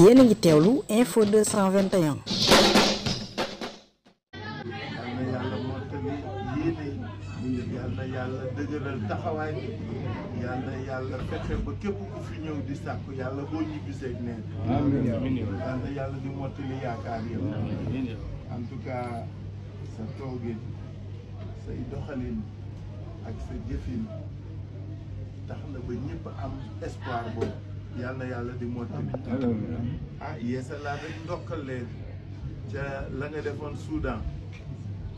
yéen a ngi teewlu info yàlla dëgëral taxawaay bi yàlla fexe ba képp ku fi ñëw di sàkku yàlla boo ñibbiseeg neen yàlla di mottali yaakaar yow en tout cas sa toogin say doxalin ak sa jëfin tax na ba ñëpp am espoir boobu yàlla na yàlla di mottali ah yeesalaat rek ndokkal leen ca la nga defoon Soudan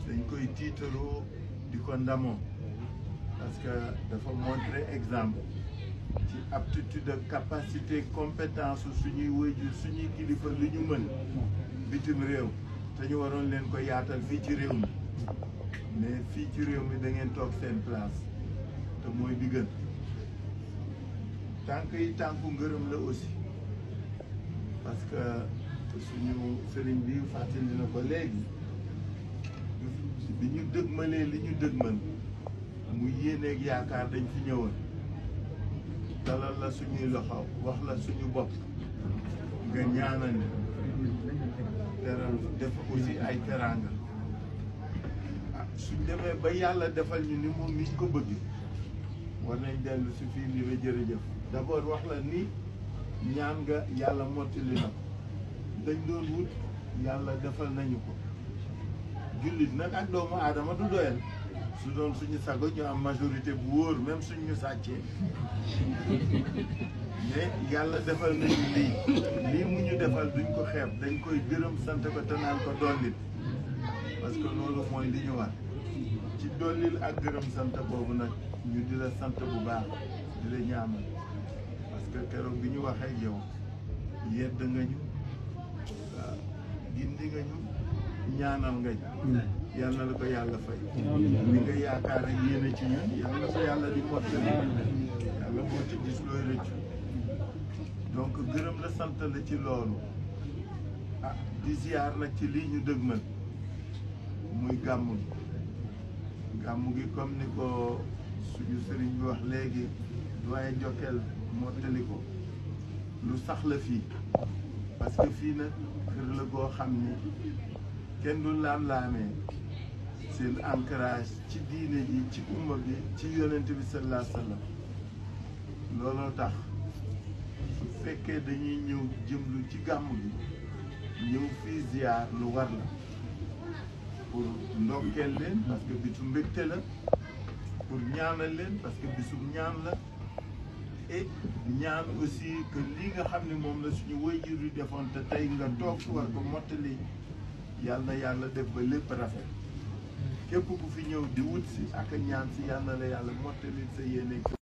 dañ koy tiitaroo di ko ndamoo parce que dafa montrer exemple ci aptitude capacité compétence suñuy wëjur suñuy kilifa lu ñu mën bitim réew te ñu waroon leen ko yaatal fii ci réew mi mais fii ci réew mi da ngeen toog seen place te mooy bi gën tànk yi tànku ngërëm la aussi parce que suñu sëriñ bi fàttali na ko léegi bi ñu dëgmalee li ñu dëgmal mu yéeneeg yaakaar dañ fi ñëwoon dalal la suñuy loxo wax la suñu bopp nga ñaanal teral def aussi ay teraanga ah suñ demee ba yàlla defal ñu ni moom niñ ko bëgg war nañ dellu si fii ni la jërëjëf d'abord wax la ni ñaan nga yàlla mottali na dañ doon wut yàlla defal nañu ko jullit nag ak doomu aadama du doyal su doon suñu sago ñu am majorité bu wóor même suñ ñu sàccee mais yàlla defal nañu lii lii mu ñu defal duñ ko xeeb dañ koy gërëm sant ko te naan ko doon nit parce que loolu mooy ci dollil ak gërëm sant boobu nag ñu di la sant bu baax di la ñaamal parce que keroog bi ñu waxee yow yedd nga ñu waaw gindi nga ñu ñaanal nga ñu mm. yal na la ko yàlla fay li nga yaakaar ak yéene ci ñun yal ko yàlla di mottali ci gis rëccu donc gërëm la sant la ci loolu ah di nag ci lii ñu dëgmal muy gàmmul gàmmu gi comme ni ko suñu sëriñ bi wax léegi doyen Jokal mottali ko lu sax la fii parce que fii nag kër la goo xam ni kenn du laam-laamee seen ancrage ci diine ji ci umma bi ci yonent bi sallallahu alayhi wa looloo tax su fekkee dañuy ñëw jëmlu ci gàmmu gi ñëw fii ziar lu war la pour ndokkeel leen parce que bisu mbégte la pour ñaanal leen parce que bisu ñaan la et ñaan aussi que li nga xam ne moom la suñu waajur yu defoon te tey nga toog war ko mottali yàlla na yàlla def ba lépp rafet képp ku fi ñëw di wut si ak ñaan si yàlla la yàlla mottali sa yéene